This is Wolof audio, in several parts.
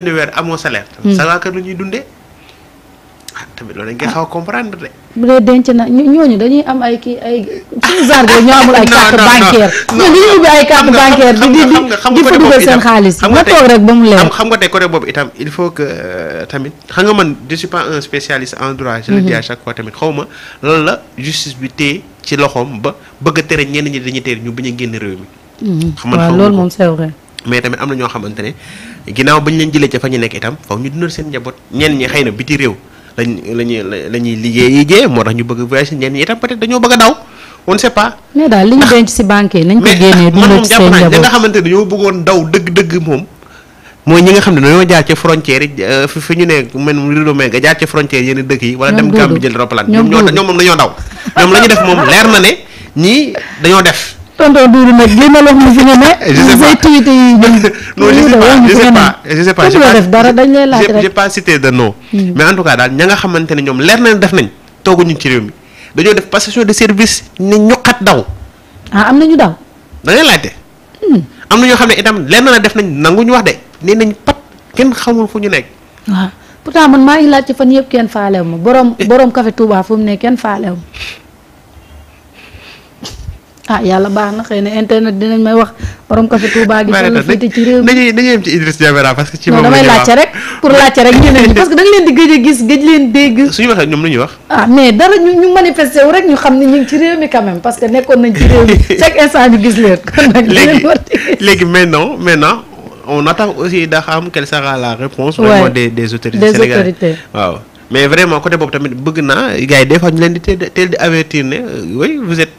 amoo sa waa kër lu ñuy dundee ah tamit loolu dañ xaw a comprendre de. bu dee denc na ñooñu dañuy am ay kii ay suñu jargon ñoo amul ay carte bancaire. non non ñu ubbi ay carte bancaire di di di fa dugal seen xaalis. nga toog rek ba mu leer xam nga tey côté boobu itam il faut que euh, tamit xam nga man je suis pas un spécialiste en droit. je le dis mhm. chaque fois tamit xaw ma loolu la justice bi téye ci loxoom ba bëgg a tere ñenn ñi dañuy tere ñu bañ a génn réew mi. Mhm. xam nga loolu moom c'est mais tamit am na ñoo xamante ne ginnaaw bañ leen jëlee ca fa ñu nekk itam faw ñu dundal seen njaboot ñenn ñi xëy na biti réew lañ lañuy la ñuy liggéey jee moo tax ñu bëgg voyage ñenn ñi itam peut-être dañoo bëgg a daw on ne sait pas. mais daal li ñu denc si banque yi nañ ko génnee dundal ci seen njaboot nga xamante ne dañoo bëggoon daw dëgg-dëgg moom mooy ñi nga xam ne dañoo jaar ci frontière yi euh, fi ñu ne man réew mi nga jaar ci frontière yenn dëkk yi wala dem Gambie jël roppalaan ñoom ñoo ñoom moom dañoo daw ñoom la ñu def moom leer na ne ñii dañoo def tonton Doudou nag li ma la wax si nga ne. je sais pas activités yi non je sais pas je sais pas je sais pas def dara dañ lay laaj rek j'ai pas cité de nom. Hmm. mais en tout cas daal ña nga xamante ne ñoom leer na def nañ tooguñu ci réew mi dañoo def passation de service ne ñoqat daw. ah am na ñu daw. da ngay laajte. Hmm. am na ñoo xam ne itam leer na def nañ nanguñu wax de nee nañ pat kenn xamul fu ñu nekk. waaw ah. pourtant man maa ngi laajte fan yëpp kenn faalew ma borom borom café Touba fu mu ne kenn faalew ma ah yàlla baax na xëy na internet dinañ may wax borom café Touba gi. maa ngi ci réew mi dañuy dañuy yem ci Idriss Diabera parce que. ci moom damay laajte rek pour laajte rek a gis gëj leen ah, ñu ñu ñu ne ñu ngi parce que nekkoon nañ ci réew mi chaque instant ñu gis leen. kon nag léegi léegi maintenant maintenant on attend aussi da xam quelle sera la réponse vraiment des des autorités waaw mais vraiment côté boobu tamit bëgg naa gars yi des ñu leen di teel di avertir ne oui vous êtes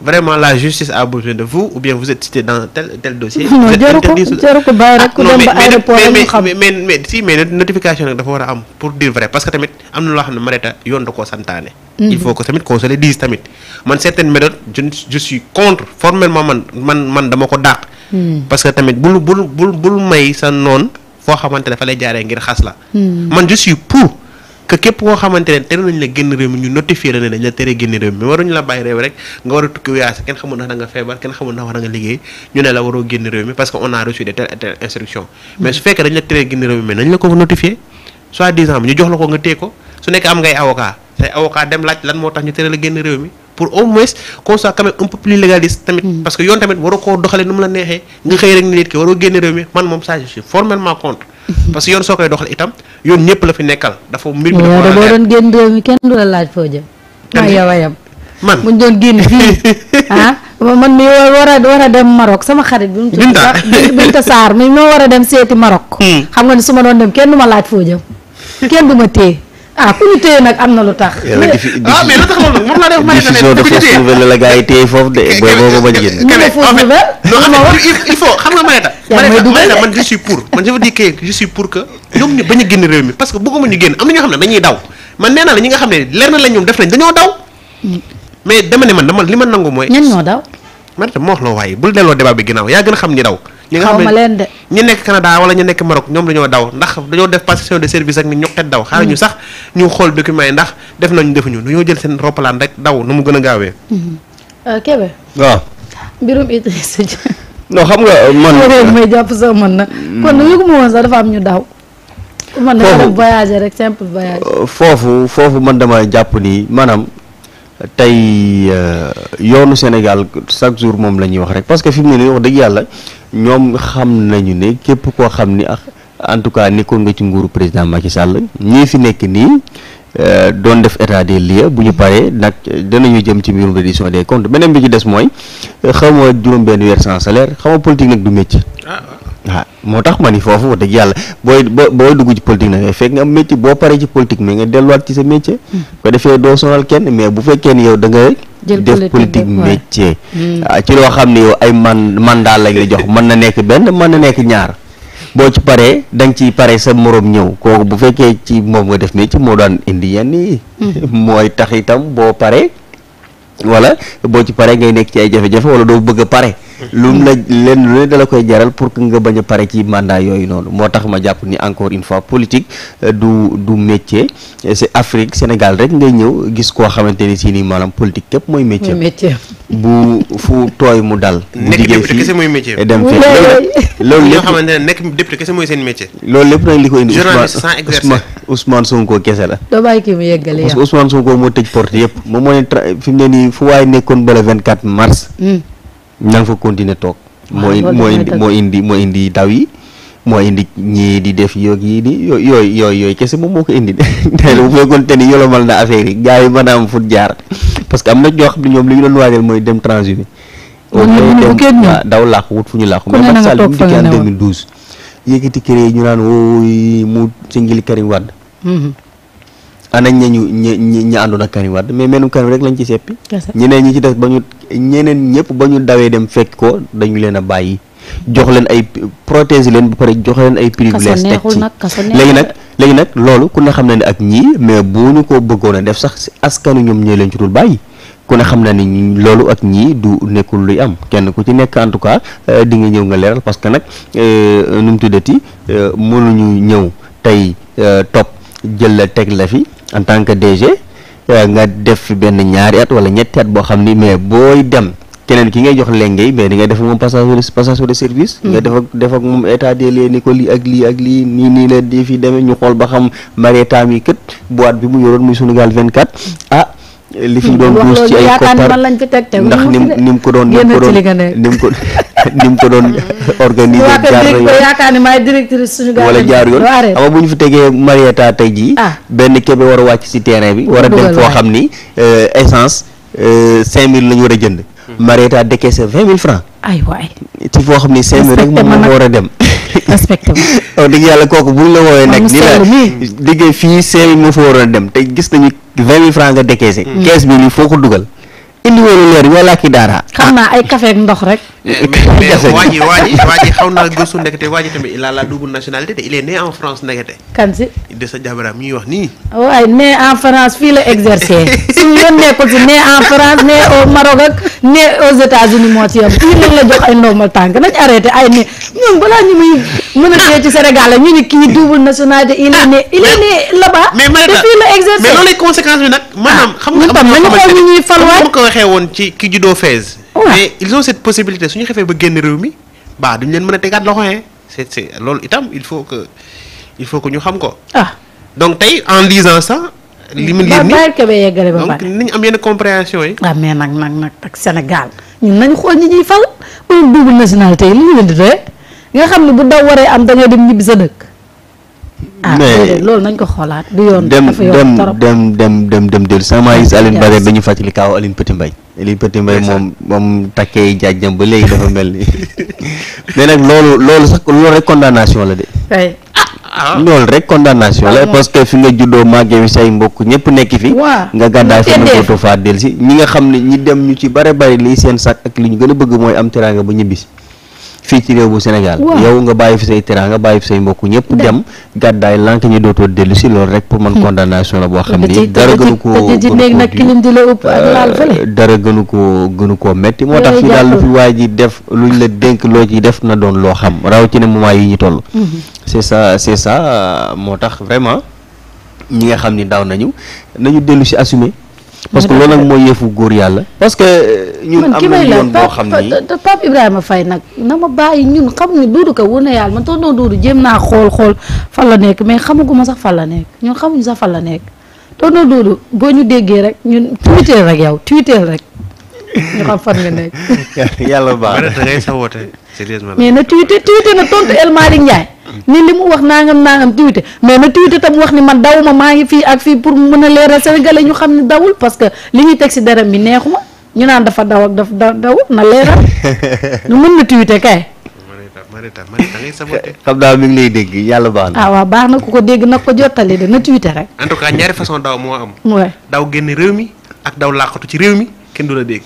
vraiment la justice a besoin de vous ou bien vous êtes cité dans tel tel dossier. non ko jarul ko rek ku ah, dem ba aéroport mais mais mais si mais notification nag dafa war a am pour dire vrai parce que tamit am na loo xam ne Mareta yoon da koo santaane. Mhm. il faut que tamit qu'on se tamit man certaines méthodes je contre formellement man man dama ko dàq. Mhm. parce que tamit bul bul bul bul may sa noon foo xamante ne fa lay jaaree ngir xas la. Mhm. man je pour. que képp koo xamante ne tere nañ la génn réew mi ñu notifié la ne dañ la tere génn réew mi waruñu la bàyyi réew rek nga war a tukki wayaas kenn xamul ndax da nga feebar kenn xamul ndax war nga liggéey ñu ne la waroo génn réew mi parce que on a reçu de telle et telle instruction mm. mais su fekkee dañ la tere génn réew mi mais nañ la ko notifié soit disant bi ñu jox la ko nga téye ko su nekk am ngay avocat say avocat dem laaj lan moo tax ñu tere la génn réew mi pour au moins qu'on soit quand même un peu plus légaliste tamit mm. parce que yoon tamit waroo koo doxale nu mu la neexee nga xëy rek ni nit ki waroo génn réew mi man moom ça je suis formellement contre parce que yoon soo koy doxal itam yoon ñëpp la fi nekkal dafa mbir mi dafa boo doon génn réew mi kenn du la laaj foo jëm man buñ doon génn fii ah man mi war a dem Maroc sama xarit bi mu tudd Binta Sarr mi moo war a dem seeti Maroc hmm. xam nga ni su ma doon dem kenn du ma laaj foo jëm kenn du ma téye ah ku ñu téye nag am na lu tax. Ah, mais lu tax loolu moom laa def. mën na a génn. ñu ne fausse nouvelle. il man je pour man je veux dire que je pour que ñoom ñu bañ a génn réew mi parce que bëgguma ñu génn am na ñoo xam ne dañuy daw man nee la ñi nga xam ne leer na la ñoom def nañ dañoo daw. mais dama ne man dama li ma nangu mooy. ñan ñoo daw. Marieta moo wax la waaye bul delloo débat bi ginnaaw yaa gën a xam ñi daw ñi nga xam ne ñu nekk Canada wala ñu nekk Maroc ñoom dañoo daw ndax dañoo def passation de service ak ni ñoqet daw mm. xaar ñu sax ñu xool documents yi ndax def nañu defuñu dañoo jël seen roppalaan rek daw nu mu gën a mm-hmm. euh, waaw mbirum Idrissa xam nga euh, man may jàpp sax mën na mm. kon yëgu ma woon sax dafa am ñu daw man dafa def voyage rek simple voyage euh, foofu foofu man dama jàpp ni maanaam tey yoonu Sénégal chaque jour moom lañuy wax rek parce que fi mu ne nii wax dëgg yàlla ñoom xam nañu ne képp koo xam ni ah en tout cas nekkoon nga ci nguuru président Macky Sall fi nekk nii euh, doon def état des lieux bu ñu paree nag danañu jëm ci mbirum reddition des comptes beneen bi ci des mooy euh, xaw ma juróom-benn weer sans salaire xaw ma politique nag du métier. Ah, waaw ah, moo tax ma ni foofu wax dëgg yàlla booy booy dugg ci politique nag fekk nga am métier boo paree ci politique mais nga delluwaat ci sa métier. Hmm. ko defee doo sonal kenn mais bu fekkee ni yow da def politique métier hmm. ah, ci loo xam ne yow ay man mandat lañ la jox mën na nekk benn mën na nekk ñaar boo ci paree da nga ciy pare sa moroom ñëw kooku bu fekkee ci moom nga def métier moo daan indi yenn hmm. mooy tax itam boo paree wala boo ci paree ngay nekk ci ay jafe-jafe wala doo bëgg a pare lum la leen lu ne dala koy jaral pour que nga bañ a pare ci mandat yooyu noonu moo tax ma jàpp ni encore une fois politique euh, du du métier c'est Afrique Sénégal rek ngay ñëw gis koo xamante ni si ni maanaam politique képp mooy métier bu mu dal. bu liggéey fii nekk député kese mooy métier. dem fii loolu lépp ñoo xamante ne nekk député kese mooy seen métier. loolu lépp nag li ko indi. journaliste sans exercer kese la. doo bàyyi kii mu yeggale parce que Ousmane Sonko moo tëj porte yëpp moom moo ne fi mu ne nii fu waaye nekkoon ba le 24 mars. Hmm. na nga fa continuer toog. Ah, mooy mooy moo indi moo indi daw yi moo indi ñii di def yoog yii nii yooyu yooyu yooyu yooyu kese moom moo ko indi de tey bu fekkoon te ni yolomal na affaire yi gars yi man a am fut jaar parce que am na ñoo xam ne ñoom li ñu doon waajal mooy dem transhumé. waaw daw làqu wut fu ñu làqu. mais Macky Sall bi mu dikkee en 2012. yëkkati kër yi ñu naan wooy mu singil Karim Wade. Mm-hmm. ana ñañu ñi ñi ñi àndoon ak Karim Wade mais menum Karim rek lañ ci seppi. ñeneen ñi ci des ba ñu ñeneen ñëpp ba ñu dawee dem fekk ko dañu leen a bàyyi jox leen ay protéger leen ba pare jox leen ay privilèges teg ci léegi nag léegi nag loolu ku ne xam na ni ak ñii mais bu ñu ko bëggoon a def sax askanu ñoom ñee leen ci dul bàyyi ku ne xam na ni loolu ak ñii du nekkul luy am kenn ku ci nekk en tout cas euh, di nga ñëw nga leeral parce que nag euh, nu mu tuddati euh, mënuñu ñëw tey topp jël la teg la fi en tant que DG euh, nga def benn ñaari at wala ñetti at boo xam ni mais booy dem keneen ki ngay jox lengay mais di ngay def moom passage passation de service. Mm. nga def ak def ak moom état des lieux ko lii ak lii ak lii nii nii la di fi demee ñu xool ba xam mariétam yi kët boîte bi mu yoroon muy Sunugal 24 ah. li fi mm. doon guus ci ay koppar ndax ni mu ko doon ni mu ko ko. ni mu ko doon mm. organiser jaar yoon yaakaar ne maay directrice suñu wala jaar yoon ama bu ñu ah. benn kebe war a wàcc si terrain bi war a dem foo xam ni euh, essence euh, cinq mille la war a jënd mm-hmm. Marieta décaissé vingt mille francs ay waay ci foo xam ni cinq mille rek moom moo war a dem respecté waaw dëgg yàlla kooku buñ la wooyee nag ni la liggéey fii cinq mille moo fa waroon a dem te gis nañu vingt mille francs nga décaissé mm. quinze mille yi foo ko dugal indiwoolu leer yi wala ki daara xam ah. naa ay café ndox rek Eh, mais mais waa ji waa ji xaw naa gëstu ndekete waa ji tamit la double nationalité te il est né en France ndekete. kan si. de sa jabaram wax nii. waaye né en France fii la exercer suñu yoon nekkul si né en France né au Maroc ak né aux États-Unis moo ci yam kii nañ la jox ay normal tànk nañ arrêté ay né ñoom balaa ñu muy mën a dee ci Sénégal la ñu ni kii double nationalité il est né il est ah, né là fii la exercer mais loolu conséquence bi nag. maanaam ah, xam nga am na ñoo ne ñuy fal waay ko waxee woon ci kii juddoo mais ils ont cette possibilité su ñu xefee ba génn réew mi baa duñu leen mën a tegaat loxo hein c'est c'est loolu itam il faut que il faut que ñu xam ko. ah donc tey en lisant ça. li mu lire nii donc nañu am yenn compréhension yi. waaw mais nag nag nag ak Sénégal ñun nañu xool ñi ñuy fal wala double nationalité yi li ñu leen di doye nga xam ne bu daw waree am da ngay dem ñibbi sa dëkk. ah loolu nañ ko xoolaat du yoon. dafa yoon trop dem dem dem dem dem dellu sama gis Aline Bare ba ñu fàttali kaaw Aline Petit Mbaye. li Petit Mbaye moom moom takkee jaajëm ba léegi dafa mel ni mais nag loolu loolu sax loolu rek condamnation la de. Ah, ah. loolu rek condamnation la parce que fi nga juddoo màggee wi say mbokk ñëpp nekk fi. nga gàddaay fi nga dootoo faa dellusi ñi nga xam ne ñi dem ñu ci bare bari lii seen sàkk ak li ñu gën a bëgg mooy am teraanga ba ñibbisi. fii ci réew bu Sénégal yow nga bàyyi fi say teraanga bàyyi fi say mbokk ñëpp dem gàddaay lànk ñu dootoo dellu si loolu rek pour man hmm. condamnation la boo xam ni dara gënu ko euh, dara gënu ko gënu koo metti moo tax fii daal lu fi waay ji def luñ la dénk loo ci def na doon loo xam raw ci ne moment yi ñu toll hmm. c'est ça c'est ça euh, moo tax vraiment ñi nga xam ni daaw nañu nañu dellu si assumer parce que loolu nag moo yëfu góor yàlla. parce que euh, ñun am nañu yoon boo xam ni Pape Ibrahima fay nag na ma bàyyi ñun xamuñu duudu ko wóor na yàlla man tonton duudu jéem naa xool xool fan la nekk mais xamaguma sax fan la nekk ñun xamuñu sax fal la nekk tonton duudu boo ñu déggee rek ñun tuiteel rek yow tuiteel rek ñu xam fan nga nekk. yàlla baax na sérieusement mais na tuite tuite na tontu El Malick Ndiaye ni li mu wax nangam nangam tuite mais na tuite tam wax ni man ma maa ngi fii ak fii pour mën a leeral sénégalais ñu xam ne dawul parce que li ñuy teg si deram bi neexuma ñu naan dafa daw ak daf daw na leeral ñu mën na tuite kay. xam naa mi ngi lay dégg yàlla baax na. ah waaw baax na ku ko dégg nag ko jottali de na tuite rek. en tout cas ñaari façon daw moo am. daw génn réew mi ak daw làqatu ci réew mi kenn du la dégg.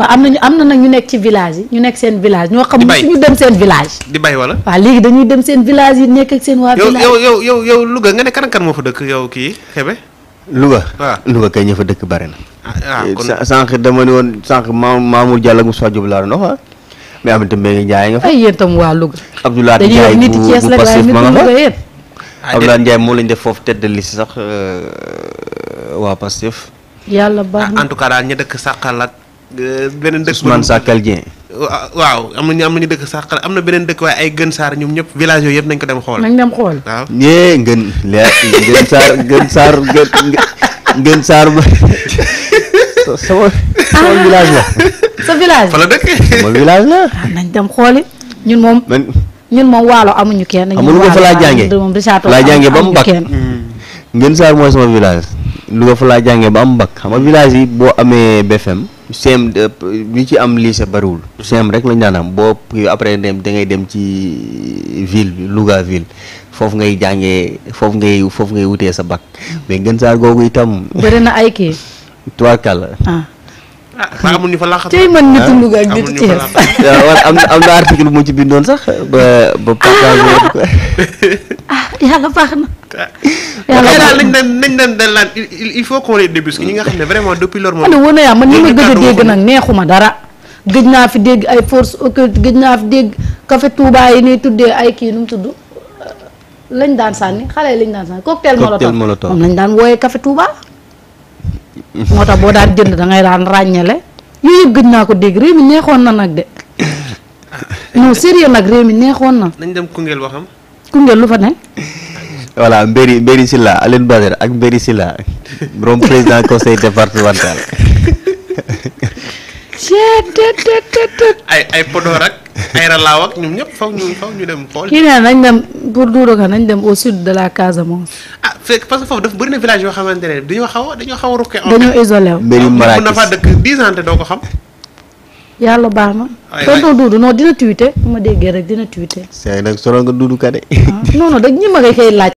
waaw am nañu am na nag ñu nekk ci village yi ñu nekk seen village ñoo xam suñu dem seen village di bay wala waaw léegi dañuy dem seen village yi nekk ak seen waa village yow yow yow yow nga ne kan moo fa dëkk yow kii Kébé Louga waaw Louga kay ña fa dëkk bari na ah, ah, sànq dama ne woon sànq maam Mamour Diallo ak Moussa Diop laa doon wax ah. mais am na tam Mbengue Ndiaye nga fa ay yéen tam waa Louga Abdoulaye Ndiaye nit ci Thiès la waaye nit Louga yéen Abdoulaye Ndiaye moo lañ def foofu tête de liste sax euh, waa Pastef yàlla baax na en tout cas daal ña dëkk sàqal ak beneen dëkk Ousmane Sakal waaw am nañu am dëkk Sakal am na beneen dëkk waaye ay Gën Saar ñoom ñëpp village yooyu yëpp nañ ko dem xool. nañ dem xool waaw. ñee Gën leer Gën Saar Saar Gën Saar ba sama sama village la. sa village fa ah, xooli ñun moom. ñun moom waalo amuñu kenn. amul ko fa laa jàngee laa jàngee ba mu bakk Gën Saar mooy sama village. lu ko laa jàngee ba am bakk xam nga village yi boo amee BFM. CM ñu euh, ci am lycée bariwul. CM rek lañ daan am boo après dem da ngay dem ci ville bi Louga ville foofu ngay jàngee foofu ngay foofu ngay wute sa bac mm. mais gën saa googu itam. bëri na ay kii. tubaarkàlla. ah amul ñu fa laaxatu. tey man nitu Louga ak nitu Thiès. am na am na article bu mu ci bindoon sax ba ba partage. ah yàlla na. yàlla daal nañ naan nañ naan il faut qu'on les débusque ñi nga xam ne vraiment depuis leur moment. wala yaa man ni ma gëj a dégg nag neexuma dara. gëj naa fi dégg ay force occulte gëj naa fi dégg café Touba yi ni tuddee ay kii nu tudd euh, lañ daan sànni xale yi lañ daan sànni cocktail molotov cocktail molotov moom lañ daan wooyee café Touba. moo tax boo daan jënd da ngay daan ràññale yooyu gëj naa ko dégg réew mi neexoon na nag de non sérieux nag réew mi neexoon na. nañ dem Koungheul waxam. Koungheul lu fa ne. voilà Mbéri Mbéri Sylla Alioune Badara ak Mbéri Sylla borom président conseil départemental. ay ay Podor ak ay Ralaaw ak ñoom faw ñu faw ñu dem xool. kii nee nañ dem pour Doudou nañ dem au sud de la Casamance. fekk parce que foofu dafa bëri village yoo xamante ne dañoo xaw dañoo xaw a rukke dañoo isolé wu mbéyum maraakis na faa dëkk 10 ans doo ko xam yàlla baax na tonton Doudou non dina tuité ma déggee rek dina tuité say nag solo nga Doudou Kade ah, non non dañ ñi ma laaj